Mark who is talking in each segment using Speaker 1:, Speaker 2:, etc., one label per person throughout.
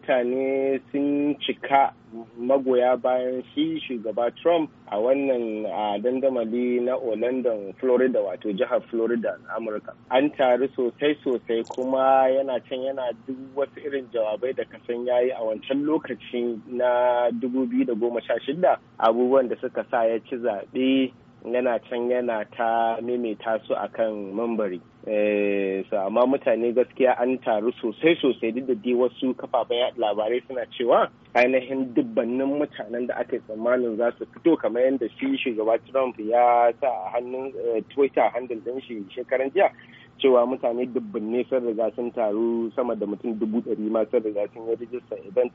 Speaker 1: mutane sun cika magoya bayan shi shugaba Trump a wannan dandamali na Orlando, Florida wato jihar Florida na Amurka. An taru sosai sosai kuma yana can yana duk wasu irin jawabai da kasan yi a wancan lokaci na 2016 abubuwan da suka sa ya ci zaɓe yana can yana ta maimaita su akan mambari. Eh, amma mutane gaskiya an taru sosai sosai duk da dai wasu kafafen yaɗa labarai suna cewa ainihin dubbannin mutanen da aka yi tsammanin za su fito kamar yadda shi shugaba trump ya sa a hannun eh, twitter handle din shi shekaran jiya cewa mutane dubbanne sun riga sun taru sama da mutum dubu ɗari ma sun riga sun yi rijista idan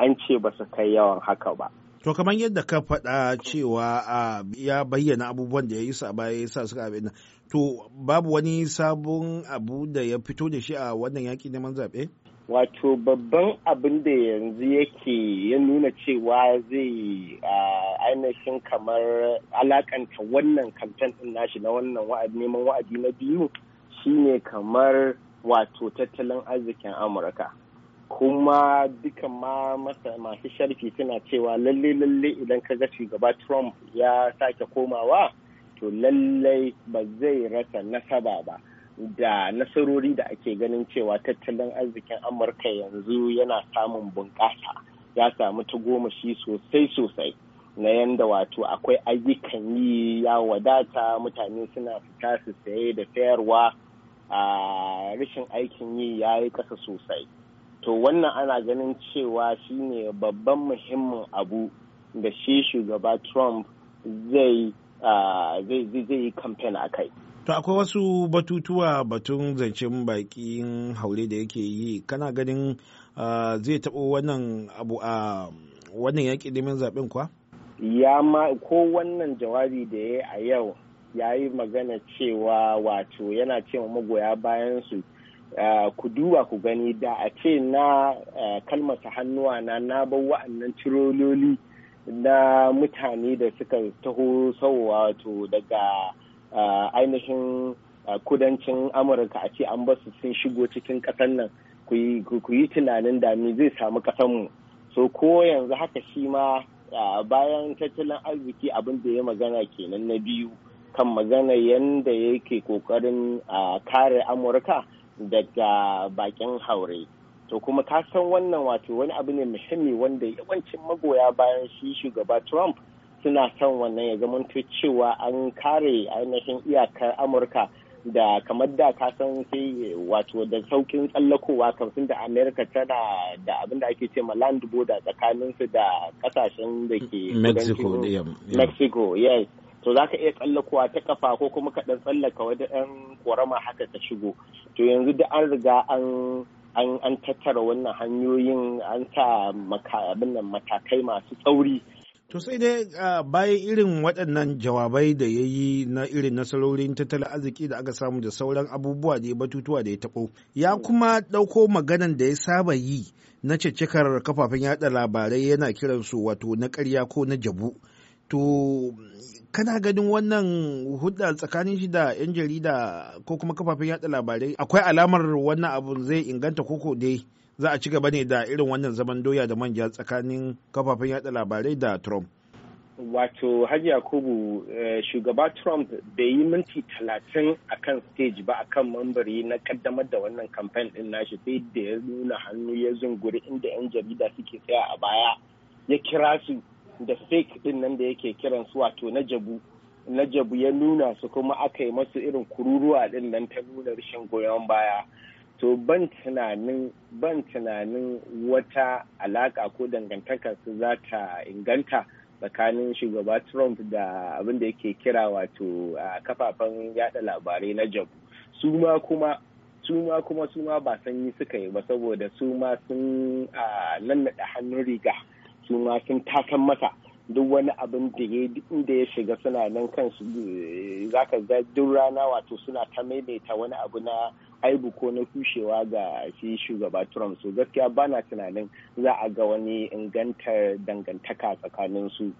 Speaker 1: an ce ba su kai yawan haka ba
Speaker 2: To kamar yadda ka faɗa cewa ya bayyana abubuwan da ya yi sa baya sa suka abin nan. To babu wani sabon abu da ya fito da shi a wannan yaƙi neman zaɓe? Wato babban
Speaker 1: abin da yanzu yake ya nuna cewa zai ainihin kamar alakanta wannan kamfen ɗin nashi na wannan neman wa'adi na biyu shine kamar wato tattalin arzikin Amurka. kuma duka ma masu sharfi suna cewa lalle lalle idan ka ga shugaba trump ya sake komawa to lallai ba zai rasa nasaba ba da nasarori da ake ganin cewa tattalin arzikin amurka yanzu yana samun bunƙasa ya samu tagomashi sosai sosai na yanda wato akwai ayyukan yi ya wadata mutane suna fita su saye da sayarwa a ah, rashin aikin yi ya yi ƙasa sosai to wannan ana ganin cewa shine babban muhimmin abu da shi shugaba trump zai yi kamfen a kai
Speaker 2: to akwai wasu batutuwa batun zancen bakin haure da yake yi kana ganin zai taɓo wannan abu a wannan yaƙi neman zaɓen kuwa.
Speaker 1: ya ma ko wannan jawabi da ya yi a yau ya yi magana cewa wato yana cewa magoya bayan su Eh, ku duba ku gani da a ce na eh, kalmasa hannuwa na na bar wa'annan cirololi na mutane da suka taho sauwa to daga eh, ainihin kudancin amurka a ce an ba su sun shigo cikin ƙasar nan ku yi tunanin da me zai samu mu so ko yanzu haka shi ma bayan tattalin arziki abin da ya magana kenan na biyu kan magana yadda yake ƙoƙarin kare amurka daga bakin haure to kuma ka san wannan wato wani abu ne muhimmi wanda yawancin magoya bayan shi shugaba trump suna son wannan ya zamanto cewa an kare ainihin iyakar amurka da kamar da ka san sai wato da saukin tsallakowa kamfin da amerika tana da abin da ake ce ma land border tsakaninsu da kasashen da ke mexico yes to za ka iya tsallakowa ta kafa ko kuma ka ɗan tsallaka wani ɗan ƙorama haka ka shigo to yanzu da an riga an an tattara wannan hanyoyin an sa abin nan matakai masu tsauri
Speaker 2: to sai dai bayan irin waɗannan jawabai da ya yi na irin nasarorin tattalin arziki da aka samu da sauran abubuwa da ya batutuwa da ya taɓo ya kuma ɗauko maganan da ya saba yi na cikakkar kafafen yada labarai yana kiransu wato na ƙarya ko na jabu to kana ganin wannan hudda tsakanin shi da 'yan jarida ko kuma kafafen yada labarai akwai alamar wannan abun zai inganta koko dai za a ci gaba ne da irin wannan zaman doya da manja tsakanin kafafen yada labarai da trump
Speaker 1: wato hajji yakubu eh, shugaba trump bai yi minti talatin a kan stage ba akan mambari na kaddamar da wannan kamfen din nashi sai da ya nuna hannu ya zunguri inda 'yan jarida suke tsaya a baya ya kira su da fake din nan da yake kiran su wato na jabu na jabu ya nuna su kuma aka yi masu irin kururuwa din nan ta nuna rashin goyon baya to ban tunanin ban tunanin wata alaka ko dangantaka su za ta inganta tsakanin shugaba trump da abin da yake kira wato kafafen yada labarai na jabu su ma kuma su kuma suma ba sanyi suka yi ba saboda suma ma sun nannaɗa hannun riga suna sun takan masa duk wani abin da ya inda ya shiga suna nan kansu eh, ka ga duk rana wato suna ta maimaita wani abu na aibu ko na kushewa ga shi shugaba Trump so gaskiya bana tunanin za a ga wani ingantar dangantaka tsakanin su